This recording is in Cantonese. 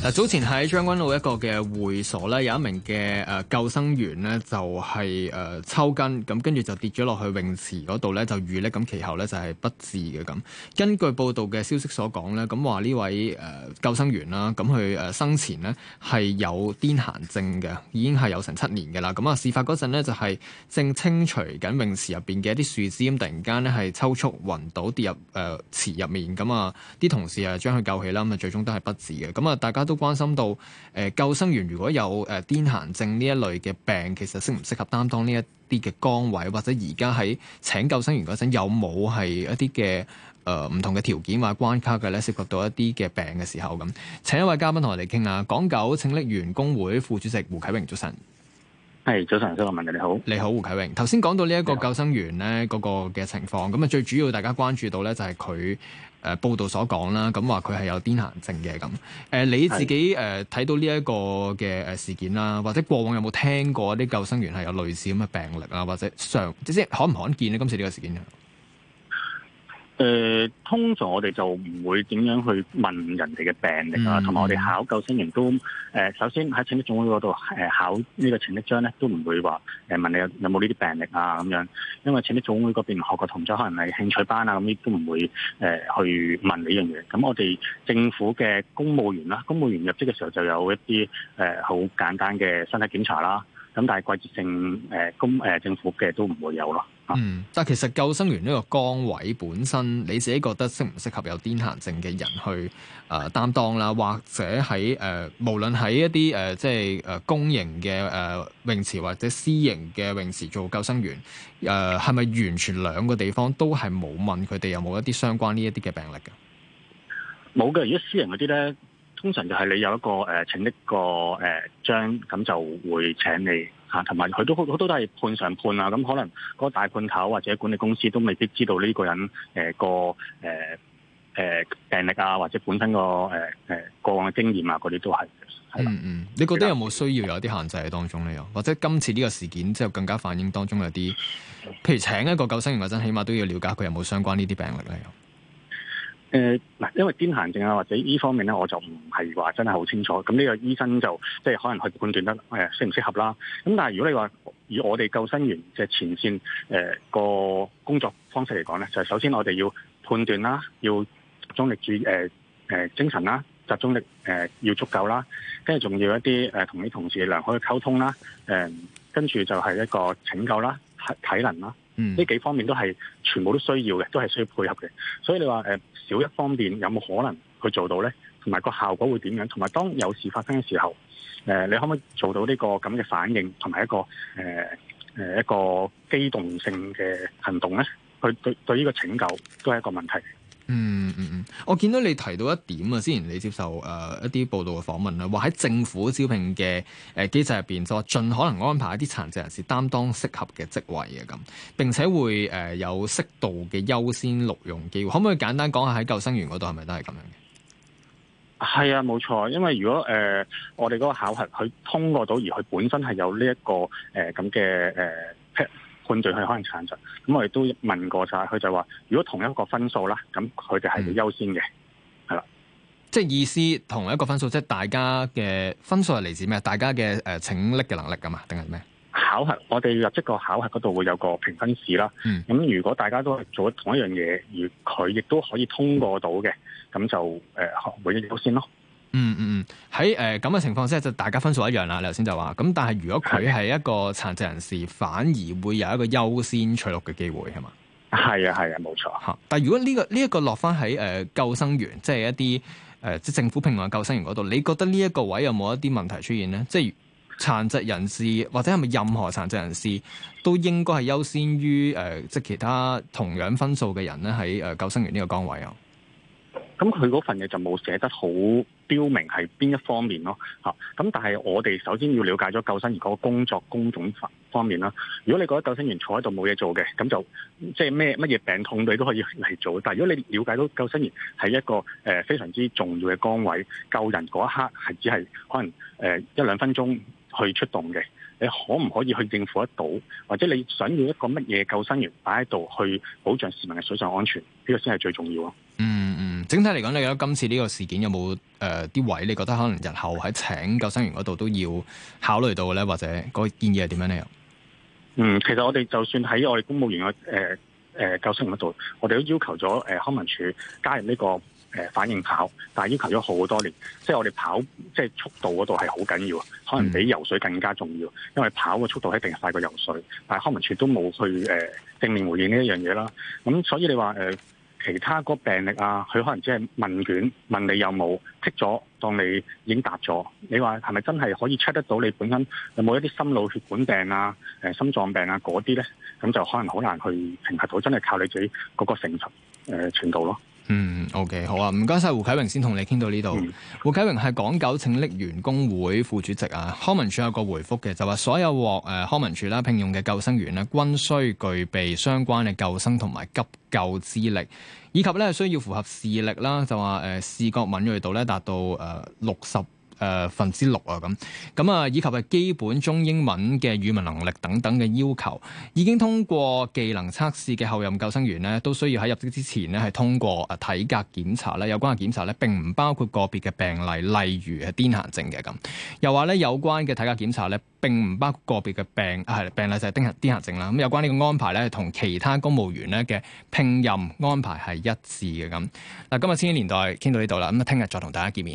嗱，早前喺將軍澳一個嘅會所咧，有一名嘅誒救生員呢就係誒抽筋，咁跟住就跌咗落去泳池嗰度咧，就遇溺呢，咁其後咧就係不治嘅咁。根據報道嘅消息所講咧，咁話呢位誒救生員啦，咁佢誒生前呢係有癲癇症嘅，已經係有成七年嘅啦。咁啊，事發嗰陣呢就係正清除緊泳池入邊嘅一啲樹枝，咁突然間呢係抽搐暈倒跌入誒池入面，咁啊啲同事啊將佢救起啦，咁啊最終都係不治嘅。咁啊，大家。都關心到誒、呃、救生員如果有誒癲癇症呢一類嘅病，其實適唔適合擔當呢一啲嘅崗位？或者而家喺請救生員嗰陣有冇係一啲嘅誒唔同嘅條件或關卡嘅咧？涉及到一啲嘅病嘅時候咁，請一位嘉賓同我哋傾下。港九拯溺員工會副主席胡啟榮，早晨。係，早晨，蘇耀文，你好。你好，胡啟榮。頭先講到呢一個救生員咧，嗰個嘅情況，咁啊，最主要大家關注到咧，就係佢誒報道所講啦，咁話佢係有癲癇症嘅咁。誒，你自己誒睇到呢一個嘅誒事件啦，或者過往有冇聽過啲救生員係有類似咁嘅病歷啊，或者上即係罕唔罕見呢？今次呢個事件。誒、呃、通常我哋就唔會點樣去問人哋嘅病歷啊，同、嗯、埋我哋考救生員都誒、呃，首先喺拯溺總會嗰度誒考呢個拯溺章，呢個拯溺章咧，都唔會話誒問你有有冇呢啲病歷啊咁樣，因為拯溺總會嗰邊學嘅同學可能係興趣班啊咁，亦都唔會誒、呃、去問你樣嘢。咁我哋政府嘅公務員啦，公務員入職嘅時候就有一啲誒好簡單嘅身體檢查啦。咁但係季節性誒公誒、呃、政府嘅都唔會有咯、啊。嗯，但係其實救生員呢個崗位本身，你自己覺得適唔適合有癲癇症嘅人去誒、呃、擔當啦？或者喺誒、呃、無論喺一啲誒、呃、即係誒公營嘅誒泳池或者私營嘅泳池做救生員誒，呃、係咪完全兩個地方都係冇問佢哋有冇一啲相關呢一啲嘅病例嘅？冇嘅，如果私營嗰啲咧。通常就係你有一個誒、呃、請一個誒、呃、章咁就會請你吓同埋佢都好多都係判上判啊，咁、嗯、可能嗰個大判頭或者管理公司都未必知道呢個人誒個誒誒病歷啊，或者本身個誒誒過往嘅經驗啊嗰啲都係。嗯嗯，你覺得有冇需要有啲限制喺當中呢？又或者今次呢個事件之後更加反映當中有啲，譬如請一個救生員或者起碼都要了解佢有冇相關呢啲病歷咧？誒，嗱，因為癲癇症啊，或者呢方面咧，我就唔係話真係好清楚。咁呢個醫生就即係可能去判斷得誒、呃、適唔適合啦。咁但係如果你話以我哋救生員即、就係、前線誒個、呃、工作方式嚟講咧，就係、首先我哋要判斷啦，要集中力注誒誒精神啦，集中力誒、呃、要足夠啦，跟住仲要一啲誒同啲同事良好嘅溝通啦，誒跟住就係一個拯救啦，體能啦。嗯，呢幾方面都係全部都需要嘅，都係需要配合嘅。所以你話誒少一方面有冇可能去做到咧？同埋個效果會點樣？同埋當有事發生嘅時候，誒、呃、你可唔可以做到呢、呢個咁嘅反應同埋一個誒誒、呃、一個機動性嘅行動咧？去對對呢個拯救都係一個問題。嗯嗯嗯，我見到你提到一點啊，之前你接受誒、呃、一啲報道嘅訪問啊，話喺政府招聘嘅誒機制入邊，即係話盡可能安排一啲殘疾人士擔當適合嘅職位嘅咁，並且會誒、呃、有適度嘅優先錄用機會。可唔可以簡單講下喺救生員嗰度係咪都係咁樣嘅？係啊，冇錯，因為如果誒、呃、我哋嗰個考核佢通過到，而佢本身係有呢、這、一個誒咁嘅誒。呃這樣的呃判罪佢可能產生，咁我哋都問過晒，佢就話如果同一個分數啦，咁佢哋係優先嘅，係、嗯、啦。即係意思同一個分數，即係大家嘅分數係嚟自咩？大家嘅誒，請力嘅能力啊嘛，定係咩？考核我哋入職個考核嗰度會有個評分表啦。咁如果大家都係做同一樣嘢，而佢亦都可以通過到嘅，咁就誒，一、呃、優先咯。嗯嗯嗯，喺誒咁嘅情況之下，就大家分數一樣啦。你頭先就話，咁但係如果佢係一個殘疾人士，反而會有一個優先取錄嘅機會，係嘛？係啊，係啊，冇錯嚇。但係如果呢、個呢一個落翻喺誒救生員，即係一啲誒即政府聘用救生員嗰度，你覺得呢一個位有冇一啲問題出現咧？即係殘疾人士或者係咪任何殘疾人士都應該係優先於誒、呃、即係其他同樣分數嘅人咧，喺誒救生員呢個崗位啊？咁佢嗰份嘢就冇寫得好標明係邊一方面咯，吓！咁但係我哋首先要了解咗救生員嗰個工作工種方面啦。如果你覺得救生員坐喺度冇嘢做嘅，咁就即係咩乜嘢病痛你都可以嚟做。但係如果你了解到救生員係一個誒非常之重要嘅崗位，救人嗰一刻係只係可能誒一兩分鐘去出動嘅，你可唔可以去應付得到？或者你想要一個乜嘢救生員擺喺度去保障市民嘅水上安全？呢個先係最重要咯。嗯。整體嚟講，你覺得今次呢個事件有冇誒啲位？你覺得可能日後喺請救生員嗰度都要考慮到咧，或者嗰個建議係點樣咧？嗯，其實我哋就算喺我哋公務員嘅誒誒救生員嗰度，我哋都要求咗誒、呃、康文署加入呢、呢個誒、呃、反應跑，但係要求咗好多年，即係、即係我哋跑即係速度嗰度係好緊要，可能比游水更加重要，因為跑嘅速度一定係快過游水，但係康文署都冇去誒、呃、正面回應呢一樣嘢啦。咁所以你話誒。呃其他嗰個病歷啊，佢可能只係問卷問你有冇剔咗，當你已經答咗。你話係咪真係可以 check 得到你本身有冇一啲心腦血管病啊、誒心臟病啊嗰啲咧？咁就可能好難去評核到，真係靠你自己嗰個成熟誒程度咯。嗯，OK，好啊，唔該晒胡啟榮，先同你傾到呢度，嗯。胡啟榮係港九拯溺員工會副主席啊，康文署有個回復嘅，就話所有獲誒、呃、康文署啦聘用嘅救生員呢，均需具備相關嘅救生同埋急救資歷，以及咧需要符合視力啦，就話誒、呃、視覺敏銳度咧達到誒六十。呃誒、呃，分之六啊，咁咁啊，以及係基本中英文嘅語文能力等等嘅要求，已經通過技能測試嘅候任救生員咧，都需要喺入職之前咧，係通過誒體格檢查咧，有關嘅檢查咧並唔包括個別嘅病例，例如係癲癇症嘅咁。又話咧有關嘅體格檢查咧並唔包括個別嘅病係、啊、病例就係癲癇癲癇症啦。咁有關呢個安排咧，同其他公務員咧嘅聘任安排係一致嘅咁。嗱，今日千禧年代傾到呢度啦，咁啊，聽日再同大家見面。